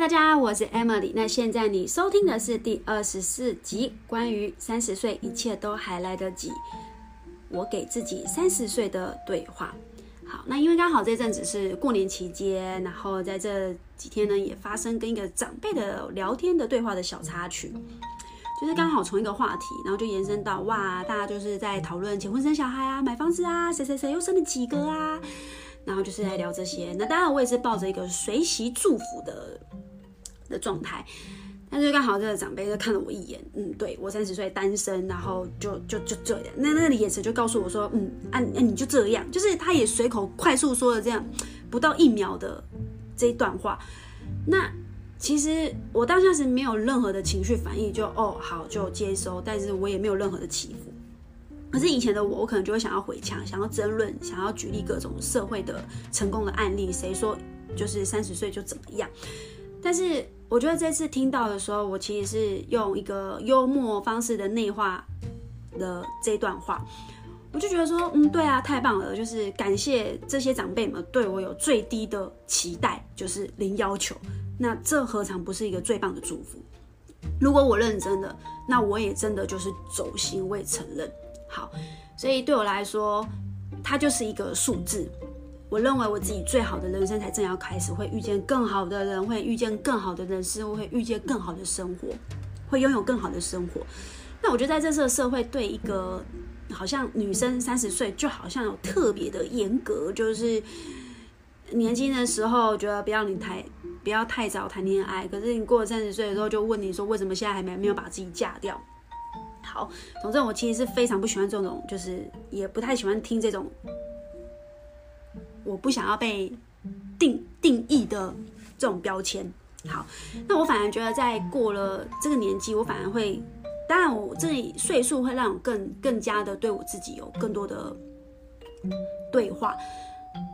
大家好，我是 Emily。那現在你收聽的是第二十四集，關於三十歲一切都還來得及，我給自己三十歲的對話。好，那因為剛好這陣子是過年期間，然後在這幾天呢，也發生跟一個長輩的聊天的對話的小插曲，就是剛好從一個話題，然後就延伸到哇，大家就是在討論結婚生小孩啊、買房子啊，誰誰誰又生了幾個啊，然後就是在聊這些。那當然，我也是抱着一個隨喜祝福的的狀態，但是剛好這個長輩就看了我一眼，嗯，對我三十歲單身，然後就就就這樣，那那個眼神就告訴我說，嗯，按、啊，你就這樣，就是他也隨口快速說了這樣不到一秒的這一段話。那其實我當時是沒有任何的情緒反應，就哦好就接收，但是我也沒有任何的起伏。可是以前的我，我可能就會想要回嗆，想要爭論，想要舉例各種社會的成功的案例，誰說就是三十歲就怎麼樣？但是我覺得這次聽到的時候，我其實是用一個幽默方式的內化了這段話，我就覺得說，嗯，對啊，太棒了，就是感謝這些長輩們對我有最低的期待，就是零要求，那這何嘗不是一個最棒的祝福？如果我認真的，那我也真的就是走心，我也承認。好，所以對我來說，它就是一個數字。我認為我自己最好的人生才正要開始，會遇見更好的人，會遇見更好的人事物，會遇見更好的生活，會擁有更好的生活。那我覺得在這次的社會，對一個好像女生三十歲，就好像有特別的嚴格，就是年輕的時候覺得不要你太、不要太早談戀愛，可是你過了三十歲的時候，就問你說為什麼現在還沒沒有把自己嫁掉？好，總之我其實是非常不喜歡這種，就是也不太喜歡聽這種。我不想要被定定義的這種標籤。好，那我反而覺得，在過了這個年紀，我反而會，當然我這裡歲數會讓我更更加的對我自己有更多的對話。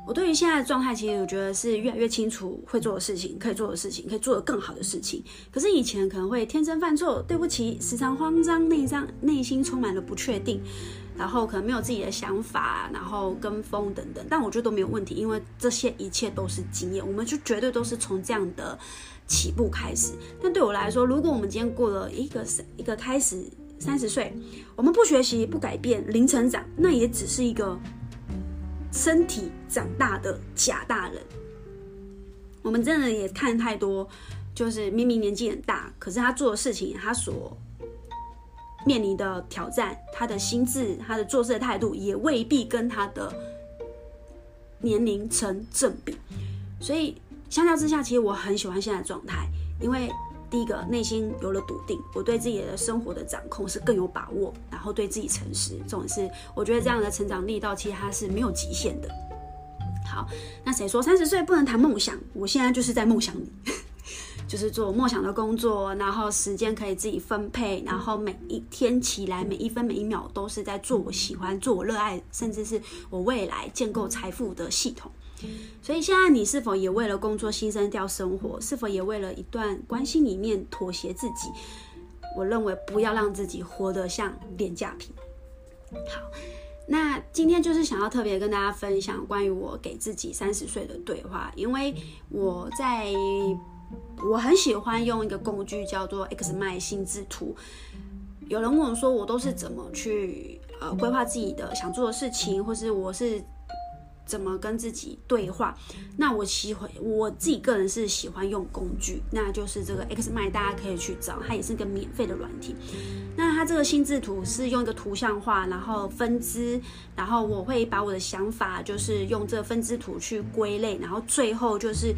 我對於現在的狀態，其實我覺得是越來越清楚會做的事情，可以做的事情，可以做的更好的事情。可是以前可能會天真犯錯，對不起，時常慌張內張，內心充滿了不確定。然後可能沒有自己的想法，然後跟風等等，但我覺得都沒有問題，因為這些一切都是經驗，我們就絕對都是從這樣的起步開始。但對我來說，如果我們今天過了一個一個開始三十歲，我們不學習、不改變、零成長，那也只是一個身體長大的假大人。我們真的也看太多，就是明明年紀很大，可是他做的事情，他所。面臨的挑戰，他的心智、他的做事的態度，也未必跟他的年齡成正比。所以相較之下，其實我很喜歡現在的狀態，因為第一個內心有了篤定，我對自己的生活的掌控是更有把握，然後對自己誠實。這種是，我覺得這樣的成長力道其實它是沒有極限的。好，那誰說三十歲不能談夢想？我現在就是在夢想裡。就是做夢想的工作，然後時間可以自己分配，然後每一天起來，每一分每一秒都是在做我喜歡、做我熱愛，甚至是我未來建構財富的系統。所以現在你是否也為了工作犧牲掉生活？是否也為了一段關係裡面妥協自己？我認為不要讓自己活得像廉價品。好，那今天就是想要特別跟大家分享關於我給自己三十歲的對話，因為我在。我很喜歡用一個工具叫做 XMind 心智圖。有人問我說，我都是怎麼去呃規劃自己的想做的事情，或是我是，怎麼跟自己對話？那我喜歡我自己個人是喜歡用工具，那就是這個 XMind，大家可以去找，它也是一個免費的軟體。那它這個心智圖是用一個圖像化，然後分支，然後我會把我的想法就是用這個分支圖去歸類，然後最後就是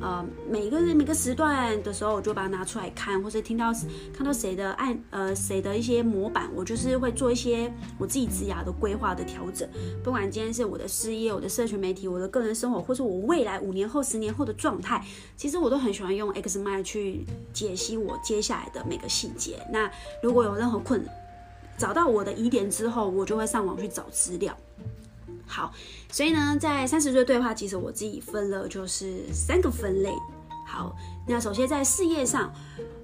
呃，每個每個時段的時候，我就把它拿出來看，或是聽到看到誰的案呃誰的一些模板，我就是會做一些我自己職涯的規劃的調整。不管今天是我的事業，我的社群媒體，我的個人生活，或是我未來五年後、十年後的狀態，其實我都很喜歡用 Xmind 去解析我接下來的每個細節。那如果有任何困難，找到我的疑點之後，我就會上網去找資料。好，所以呢，在三十歲對話，其實我自己分了就是三個分類。好，那首先在事業上。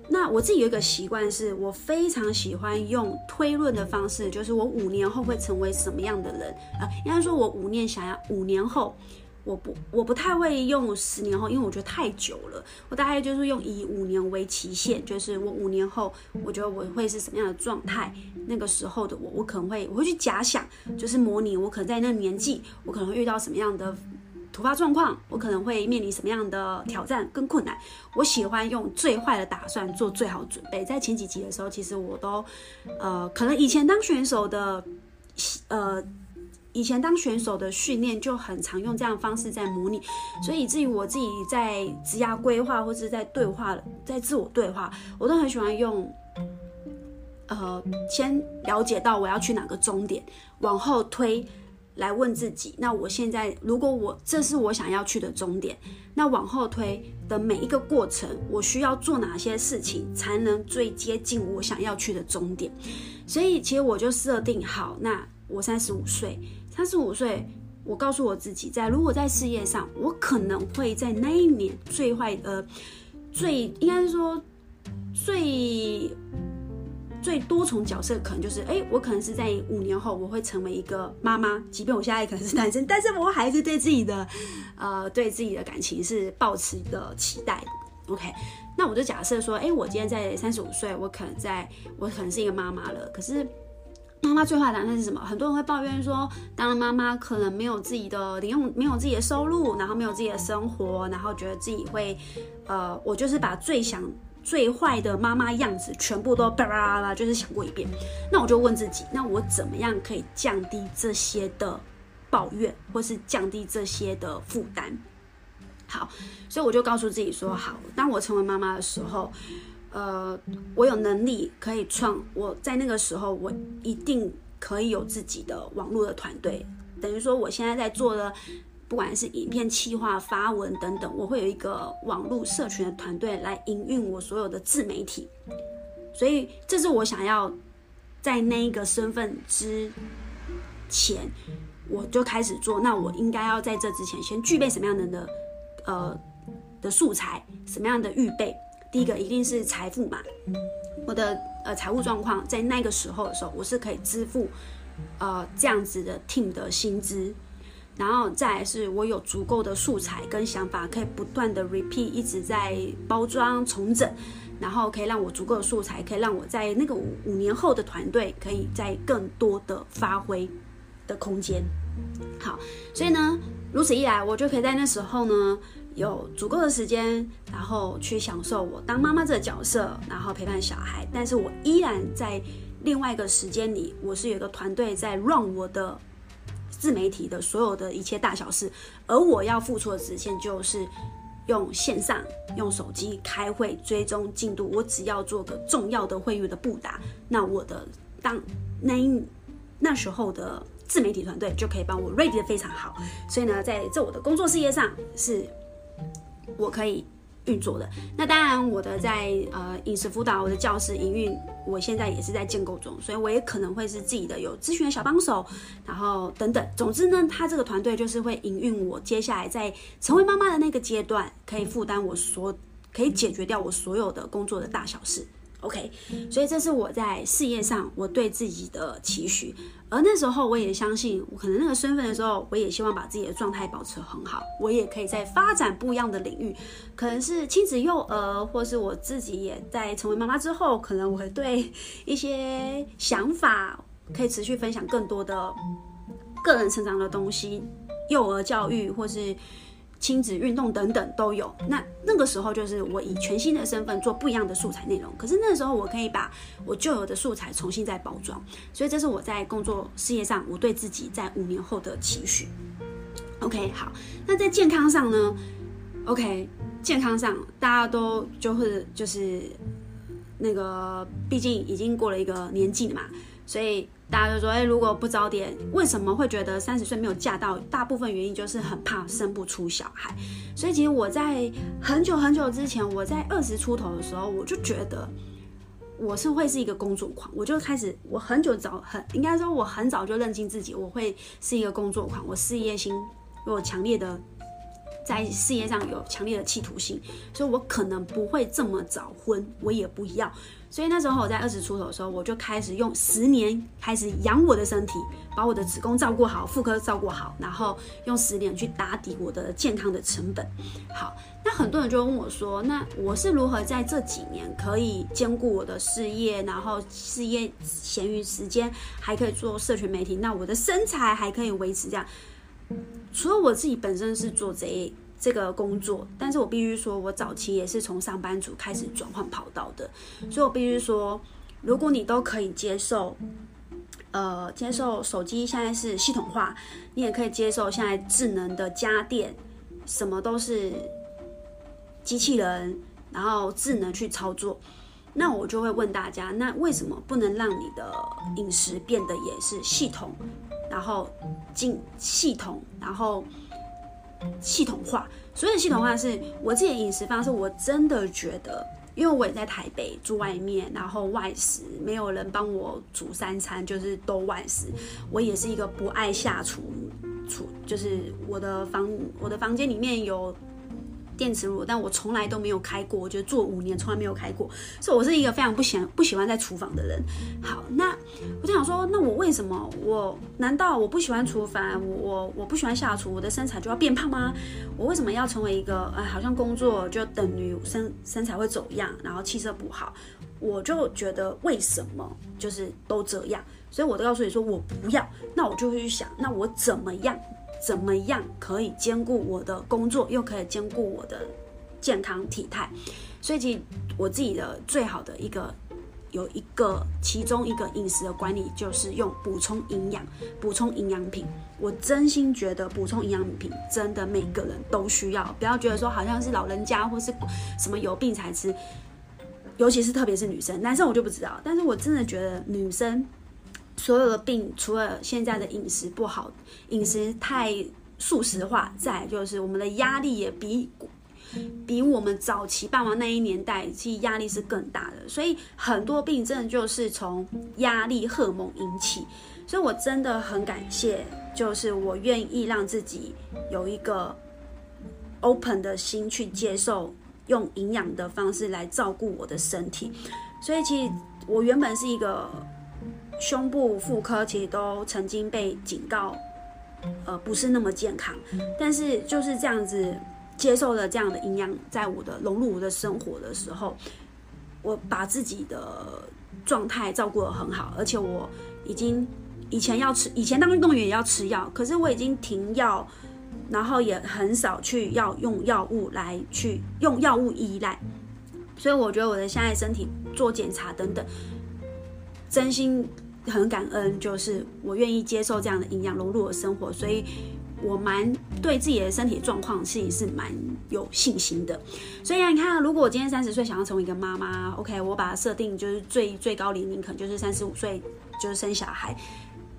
那我自己有一個習慣，是我非常喜歡用推論的方式，就是我五年後會成為什麼樣的人啊，呃，應該說，我五年想要，五年後，我不，我不太會用十年後，因為我覺得太久了。我大概就是用以五年為期限，就是我五年後，我覺得我會是什麼樣的狀態？那個時候的我，我可能會，我會去假想，就是模擬我可能在那個年紀，我可能會遇到什麼樣的。突發狀況，我可能會面臨什麼樣的挑戰跟困難？我喜歡用最壞的打算做最好準備。在前幾集的時候，其實我都，呃，可能以前當選手的，呃，以前當選手的訓練就很常用這樣的方式在模擬，所以以至於我自己在職涯規劃或是在對話，在自我對話，我都很喜歡用，呃，先了解到我要去哪個終點，往後推。來問自己，那我現在如果我這是我想要去的終點，那往後推的每一個過程，我需要做哪些事情才能最接近我想要去的終點？所以其實我就設定好，那我三十五歲，三十五歲，我告訴我自己，在如果在事業上，我可能會在那一年最壞，呃，最應該是說最。最多重角色可能就是，哎、欸，我可能是在五年後我會成為一個媽媽，即便我現在可能是單身，但是我還是對自己的，呃，對自己的感情是抱持的期待的。OK，那我就假設說，哎、欸，我今天在三十五歲，我可能在，我可能是一個媽媽了。可是媽媽最壞的打算是什麼？很多人會抱怨說，當了媽媽可能沒有自己的零用，沒有自己的收入，然後沒有自己的生活，然後覺得自己會，呃，我就是把最想。最壞的媽媽樣子，全部都巴拉巴拉，就是想過一遍。那我就問自己，那我怎麼樣可以降低這些的抱怨，或是降低這些的負擔？好，所以我就告訴自己說：好，當我成為媽媽的時候，呃，我有能力可以創，我在那個時候，我一定可以有自己的網絡的團隊。等於說，我現在在做的。不管是影片企劃、發文等等，我會有一個網絡社群的團隊來營運我所有的自媒體。所以這是我想要在那一個身份之前，我就開始做。那我應該要在這之前先具備什麼樣的的呃的素材，什麼樣的預備？第一個一定是財富嘛，我的呃財務狀況在那個時候的時候，我是可以支付呃這樣子的 team 的薪資。然後再來是我有足夠的素材跟想法，可以不斷的 repeat，一直在包裝重整，然後可以讓我足夠的素材，可以讓我在那個五五年後的團隊，可以再更多的發揮的空間。好，所以呢，如此一來，我就可以在那時候呢，有足夠的時間，然後去享受我當媽媽這個角色，然後陪伴小孩。但是我依然在另外一個時間裡，我是有個團隊在 run 我的。自媒體的所有的一切大小事，而我要付出的直線就是用線上用手機開會追蹤進度。我只要做個重要的會議的布達，那我的當那一那時候的自媒體團隊就可以幫我 ready 的非常好。所以呢，在這我的工作事業上，是我可以。運作的。那當然，我的在，呃飲食輔導我的教室營運，我現在也是在建構中，所以我也可能會是自己的有諮詢的小幫手，然後等等。總之呢，他這個團隊就是會營運我接下來在成為媽媽的那個階段，可以負擔我所，可以解決掉我所有的工作的大小事。OK，所以這是我在事業上我對自己的期許。而那時候我也相信，我可能那個身份的時候，我也希望把自己的狀態保持很好。我也可以在發展不一樣的領域，可能是親子、幼兒，或是我自己也在成為媽媽之後，可能我會對一些想法可以持續分享更多的個人成長的東西，幼兒教育或是。親子運動等等都有，那那個時候就是我以全新的身份做不一樣的素材內容。可是那個時候我可以把我舊有的素材重新再包裝，所以這是我在工作事業上我對自己在五年後的期許。OK，好，那在健康上呢？OK，健康上大家都就是就是那個，畢竟已經過了一個年紀了嘛，所以。大家就說：“哎、欸，如果不早點，為什麼會覺得三十歲沒有嫁到？大部分原因就是很怕生不出小孩。所以，其實我在很久很久之前，我在二十出頭的時候，我就覺得我是會是一個工作狂。我就開始，我很久早很，應該說我很早就認清自己，我會是一個工作狂，我事業心又強烈的。”在事業上有強烈的企圖心，所以我可能不會這麼早婚，我也不要。所以那時候我在二十出頭的時候，我就開始用十年開始養我的身體，把我的子宮照顧好，婦科照顧好，然後用十年去打底我的健康的成本。好，那很多人就問我說，那我是如何在這幾年可以兼顧我的事業，然後事業閒餘時間還可以做社群媒體，那我的身材還可以維持這樣？所以我自己本身是做這這個工作，但是我必須說，我早期也是從上班族開始轉換跑道的。所以我必須說，如果你都可以接受，呃，接受手機現在是系統化，你也可以接受現在智能的家電，什麼都是機器人，然後智能去操作，那我就會問大家，那為什麼不能讓你的飲食變得也是系統？然後進系統，然後系統化。所謂的系統化是我自己的飲食方式。我真的覺得，因為我也在台北住外面，然後外食，沒有人幫我煮三餐，就是都外食。我也是一個不愛下廚，廚就是我的房，我的房間裡面有。電磁爐，但我從來都沒有開過。我覺得做五年從來沒有開過，所以我是一個非常不喜歡不喜歡在廚房的人。好，那我就想說，那我為什麼？我難道我不喜歡廚房？我我我不喜歡下廚，我的身材就要變胖嗎？我為什麼要成為一個？哎，好像工作就等於身身材會走樣，然後氣色不好。我就覺得為什麼就是都這樣？所以我都告訴你說，我不要。那我就會去想，那我怎麼樣？怎麼樣可以兼顧我的工作，又可以兼顧我的健康體態？所以，其實我自己的最好的一個有一個其中一個飲食的管理，就是用補充營養、補充營養品。我真心覺得補充營養品真的每個人都需要，不要覺得說好像是老人家或是什麼有病才吃。尤其是特別是女生，男生我就不知道，但是我真的覺得女生。所有的病，除了現在的飲食不好，飲食太速食化，再就是我們的壓力也比比我們早期爸媽那一年代其實壓力是更大的，所以很多病症就是從壓力荷爾蒙引起。所以我真的很感謝，就是我願意讓自己有一個 open 的心去接受，用營養的方式來照顧我的身體。所以其實我原本是一個。胸部、婦科其實都曾經被警告，呃，不是那麼健康。但是就是這樣子接受了這樣的營養，在我的融入我的生活的時候，我把自己的狀態照顧得很好，而且我已經以前要吃，以前當運動員也要吃藥，可是我已經停藥，然後也很少去要用藥物來去用藥物依賴。所以我覺得我的現在身體做檢查等等，真心。很感恩，就是我願意接受這樣的營養融入我的生活，所以我蠻對自己的身體狀況其實是蠻有信心的。所以啊，你看，如果我今天三十歲想要成為一個媽媽，OK，我把它設定就是最最高年齡可能就是三十五歲，就是生小孩。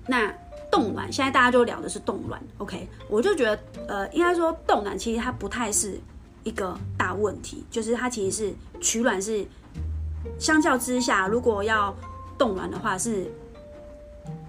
那凍卵現在大家就聊的是凍卵，OK，我就覺得呃，應該說凍卵其實它不太是一個大問題，就是它其實是取卵是相較之下，如果要凍卵的話是。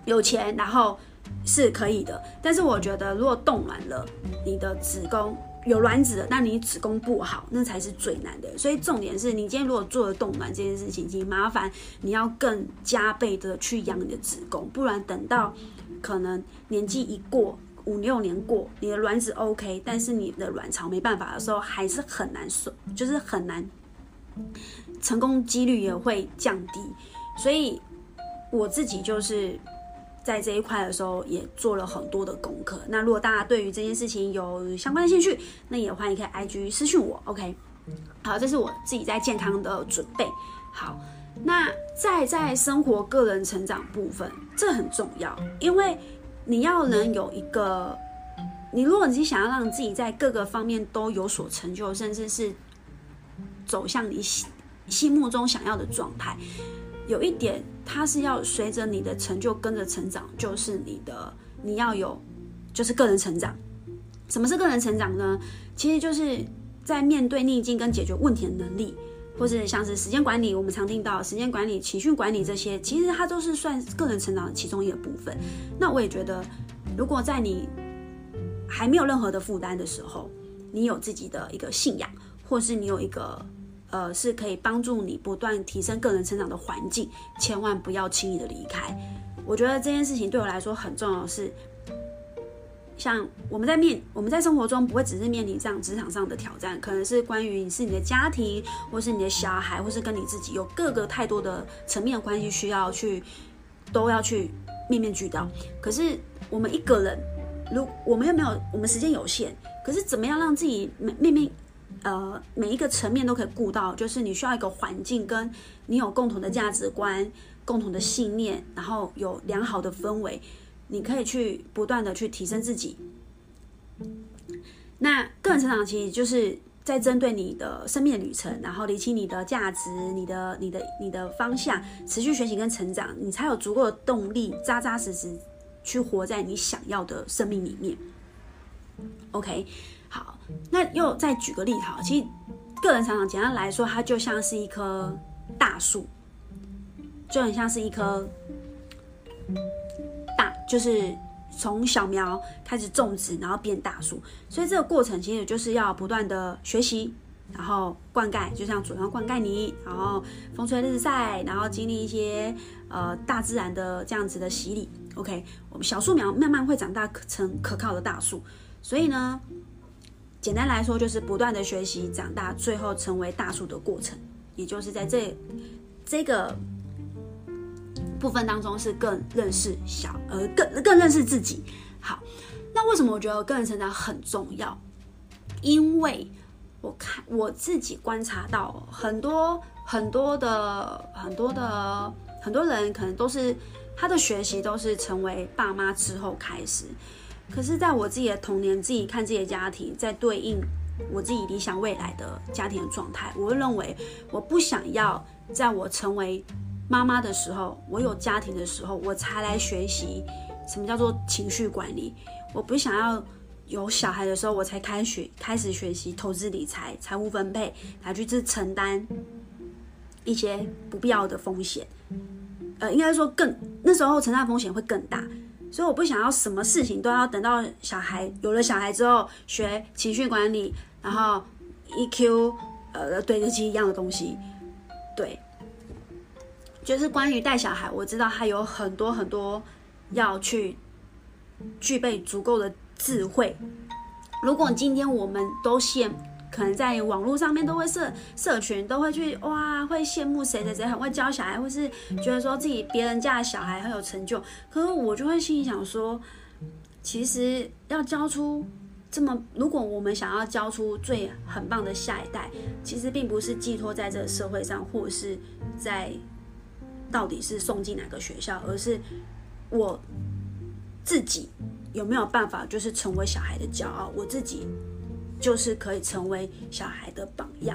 有錢，然後是可以的，但是我覺得，如果凍卵了，你的子宮有卵子了，那你子宮不好，那才是最難的。所以重點是你今天如果做了凍卵這件事情，請麻煩你要更加倍的去養你的子宮，不然等到可能年紀一過五六年過，你的卵子 OK，但是你的卵巢沒辦法的時候，還是很難受，就是很難，成功幾率也會降低，所以。我自己就是在這一塊的時候也做了很多的功課。那如果大家對於這件事情有相關的興趣，那也歡迎可以 IG 私訊我。OK，好，這是我自己在健康的準備。好，那再在，在生活、個人成長部分，這很重要，因為你要能有一個，你如果你想要讓自己在各個方面都有所成就，甚至是走向你心心目中想要的狀態。有一點，它是要隨着你的成就跟着成長，就是你的你要有，就是個人成長。什麼是個人成長呢？其實就是在面對逆境跟解決問題的能力，或是像是時間管理，我們常聽到時間管理、情緒管理這些，其實它都是算個人成長的其中一個部分。那我也覺得，如果在你還沒有任何的負擔的時候，你有自己的一個信仰，或是你有一個。呃，是可以幫助你不斷提升個人成長的環境，千萬不要輕易的離開。我覺得這件事情對我來說很重要。是，像我們在面，我們在生活中不會只是面臨這樣職場上的挑戰，可能是關於你是你的家庭，或是你的小孩，或是跟你自己有各個太多的層面的關係需要去，都要去面面俱到。可是我們一個人，如果我們又沒有，我們時間有限，可是怎麼樣讓自己面面？呃，每一個層面都可以顧到，就是你需要一個環境，跟你有共同的價值觀、共同的信念，然後有良好的氛圍，你可以去不斷的去提升自己。那個人成長，其實就是在針對你的生命旅程，然後理清你的價值、你的、你的、你的、你的方向，持續學習跟成長，你才有足夠的動力，扎扎實實去活在你想要的生命裡面。OK。好，那又再舉個例子啊。其實，個人成長簡單來說，它就像是一棵大樹，就很像是一棵大，就是從小苗開始種植，然後變大樹。所以這個過程其實就是要不斷的學習，然後灌溉，就像土壤灌溉你，然後風吹日曬，然後經歷一些呃大自然的這樣子的洗禮。OK，我們小樹苗慢慢會長大成可靠的大樹。所以呢。簡單來說，就是不斷的學習、長大，最後成為大樹的過程，也就是在這這個部分當中，是更認識小，而更更認識自己。好，那為什麼我覺得我個人成長很重要？因為我看我自己觀察到很多，很多的很多的很多的很多人，可能都是他的學習都是成為爸媽之後開始。可是，在我自己的童年，自己看自己的家庭，在對應我自己理想未來的家庭的狀態，我會認為，我不想要在我成為媽媽的時候，我有家庭的時候，我才來學習什麼叫做情緒管理。我不想要有小孩的時候，我才開始開始學習投資理財、財務分配，來去承擔一些不必要的風險。呃，應該說更那時候承擔風險會更大。所以我不想要什麼事情都要等到小孩有了小孩之後學情緒管理，然後 EQ，呃，堆積一樣的東西，對，就是關於帶小孩，我知道他有很多很多要去具備足夠的智慧。如果今天我們都先。可能在網絡上面都會社社群都會去哇，會羨慕誰誰誰很會教小孩，或是覺得說自己別人家的小孩很有成就。可是我就會心裡想說，其實要教出這麼，如果我們想要教出最很棒的下一代，其實並不是寄托在這個社會上，或者是在到底是送進哪個學校，而是我自己有沒有辦法，就是成為小孩的驕傲，我自己。就是可以成為小孩的榜樣，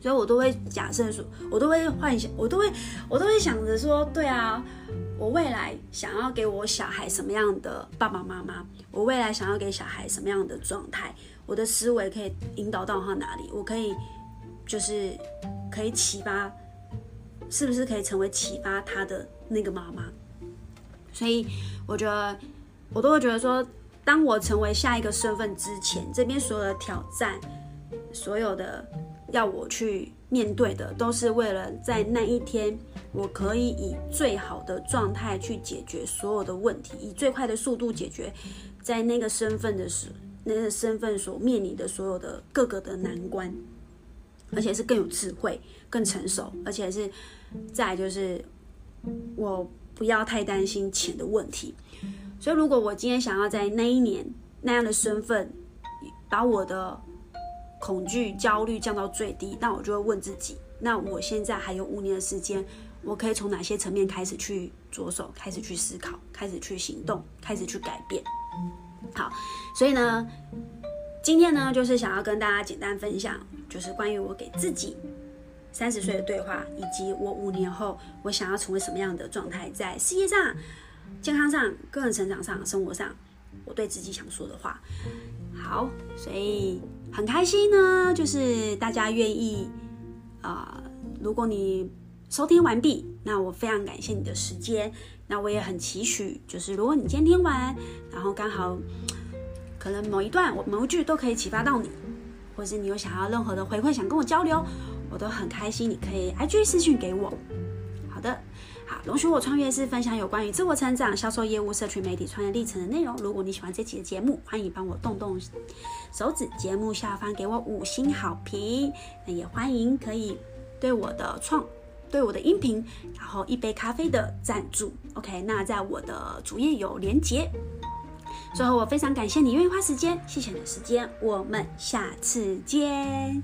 所以我都會假設說，我都會幻想，我都會，我都會想着說，對啊，我未來想要給我小孩什麼樣的爸爸媽媽？我未來想要給小孩什麼樣的狀態？我的思維可以引導到他哪裡？我可以，就是可以啟發，是不是可以成為啟發他的那個媽媽？所以我覺得，我都會覺得說。當我成為下一個身份之前，這邊所有的挑戰，所有的要我去面對的，都是為了在那一天，我可以以最好的狀態去解決所有的問題，以最快的速度解決，在那個身份的時那個身份所面臨的所有的各個的難關，而且是更有智慧、更成熟，而且是再就是，我不要太擔心錢的問題。所以，如果我今天想要在那一年那樣的身份，把我的恐懼、焦慮降到最低，那我就會問自己：那我現在還有五年的時間，我可以從哪些層面開始去着手、開始去思考、開始去行動、開始去改變？好，所以呢，今天呢，就是想要跟大家簡單分享，就是關於我給自己三十歲的對話，以及我五年後我想要成為什麼樣的狀態，在世界上。健康上、個人成長上、生活上，我對自己想說的話，好，所以很開心呢。就是大家願意啊、呃，如果你收聽完畢，那我非常感謝你的時間。那我也很期許，就是如果你今天聽完，然後剛好可能某一段、某一句都可以啟發到你，或是你有想要任何的回饋想跟我交流，我都很開心。你可以 IG 私信給我。容許我創業是分享有關於自我成長、銷售業務、社群媒體創業歷程的內容。如果你喜歡這期的節目，歡迎幫我動動手指，節目下方給我五星好評。那也歡迎可以對我的創、對我的音頻，然後一杯咖啡的贊助。OK，那在我的主頁有連接。最後，我非常感謝你願意花時間，謝謝你的時間，我們下次見。